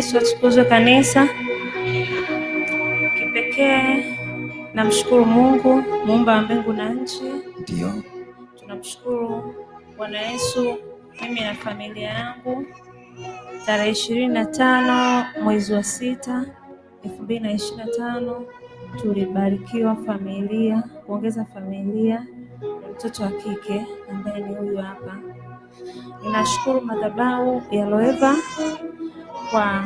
Yesu atukuzwe. Kanisa kipekee, namshukuru Mungu muumba wa mbingu na nchi. Ndio tunamshukuru Bwana Yesu. Mimi na familia yangu tarehe ishirini na tano mwezi wa sita elfu mbili na ishirini na tano tulibarikiwa familia, kuongeza familia na mtoto wa kike ambaye ni huyu hapa Ninashukuru madhabahu ya Loeva kwa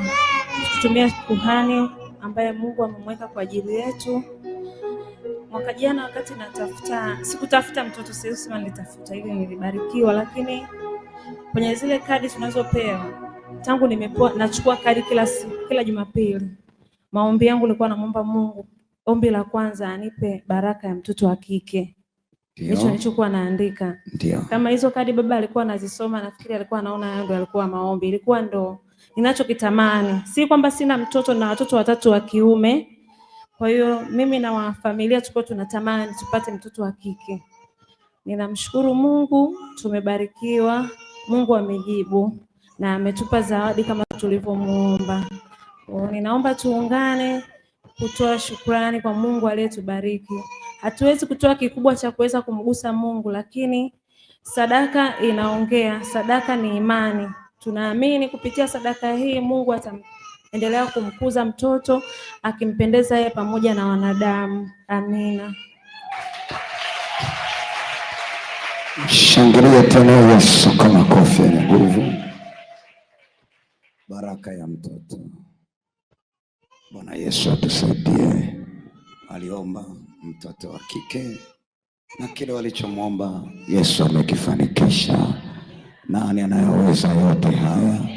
kutumia kuhani ambaye Mungu amemweka kwa ajili yetu. Mwaka jana wakati natafuta, sikutafuta mtoto, siwezi kusema nilitafuta, ili nilibarikiwa, lakini kwenye zile kadi tunazopewa, tangu nimepoa, nachukua kadi kila siku, kila Jumapili, maombi yangu nilikuwa namwomba Mungu, ombi la kwanza anipe baraka ya mtoto wa kike hicho nilichokuwa naandika. Dio. Kama hizo kadi baba alikuwa anazisoma, nafikiri alikuwa anaona hayo ndio alikuwa maombi, ilikuwa ndo ninachokitamani. Si kwamba sina mtoto na watoto watatu wa kiume, kwa hiyo mimi na wafamilia tulikuwa tunatamani tupate mtoto wa kike. Ninamshukuru Mungu, tumebarikiwa. Mungu amejibu na ametupa zawadi kama tulivyomuomba. Ninaomba tuungane kutoa shukrani kwa Mungu aliyetubariki. Hatuwezi kutoa kikubwa cha kuweza kumgusa Mungu, lakini sadaka inaongea. Sadaka ni imani. Tunaamini kupitia sadaka hii Mungu ataendelea kumkuza mtoto akimpendeza yeye pamoja na wanadamu. Amina. Shangilia tena Yesu kwa makofi ya nguvu. Baraka ya mtoto. Bwana Yesu atusaidie. Aliomba mtoto wa kike, na kile walichomwomba Yesu amekifanikisha. Nani anayoweza yote haya?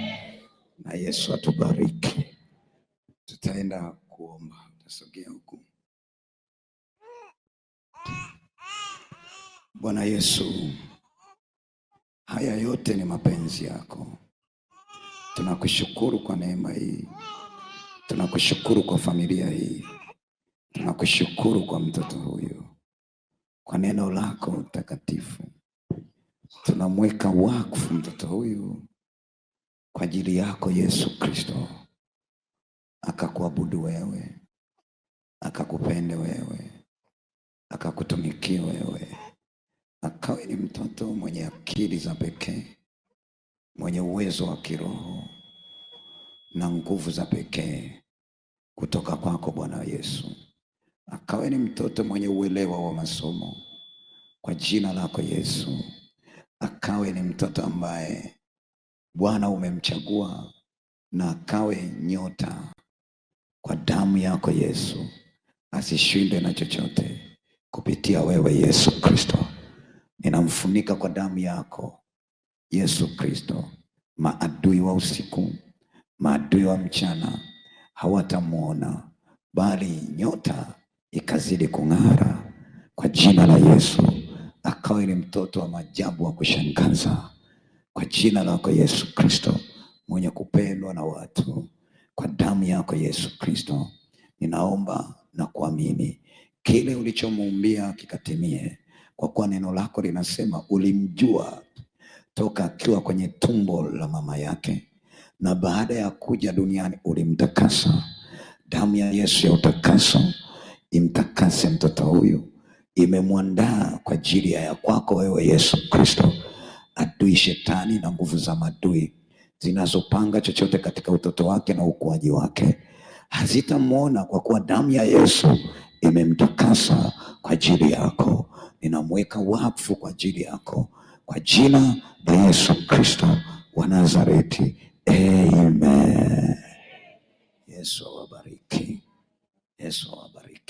Na Yesu atubariki. Tutaenda kuomba, tutasogea huku. Bwana Yesu, haya yote ni mapenzi yako. Tunakushukuru kwa neema hii, tunakushukuru kwa familia hii. Tunakushukuru kwa mtoto huyu, kwa neno lako takatifu. Tunamweka wakfu mtoto huyu kwa ajili yako Yesu Kristo, akakuabudu wewe, akakupende wewe, akakutumikia wewe, akawe ni mtoto mwenye akili za pekee, mwenye uwezo wa kiroho na nguvu za pekee kutoka kwako Bwana Yesu wewe ni mtoto mwenye uelewa wa masomo, kwa jina lako Yesu, akawe ni mtoto ambaye Bwana umemchagua na akawe nyota kwa damu yako Yesu, asishindwe na chochote kupitia wewe Yesu Kristo. Ninamfunika kwa damu yako Yesu Kristo. Maadui wa usiku, maadui wa mchana hawatamwona, bali nyota ikazidi kung'ara kwa jina la Yesu, akawa ni mtoto wa maajabu wa kushangaza kwa jina lako Yesu Kristo, mwenye kupendwa na watu. Kwa damu yako Yesu Kristo, ninaomba na kuamini kile ulichomuumbia kikatimie, kwa kuwa neno lako linasema ulimjua toka akiwa kwenye tumbo la mama yake, na baada ya kuja duniani ulimtakasa. Damu ya Yesu ya utakaso imtakase mtoto huyu, imemwandaa kwa ajili ya kwako wewe Yesu Kristo. Adui shetani na nguvu za madui zinazopanga chochote katika utoto wake na ukuaji wake hazitamwona, kwa kuwa damu ya Yesu imemtakasa kwa ajili yako. Ninamweka wakfu kwa ajili yako kwa jina la Yesu Kristo wa Nazareti, amen. Yesu awabariki. Yesu awabariki.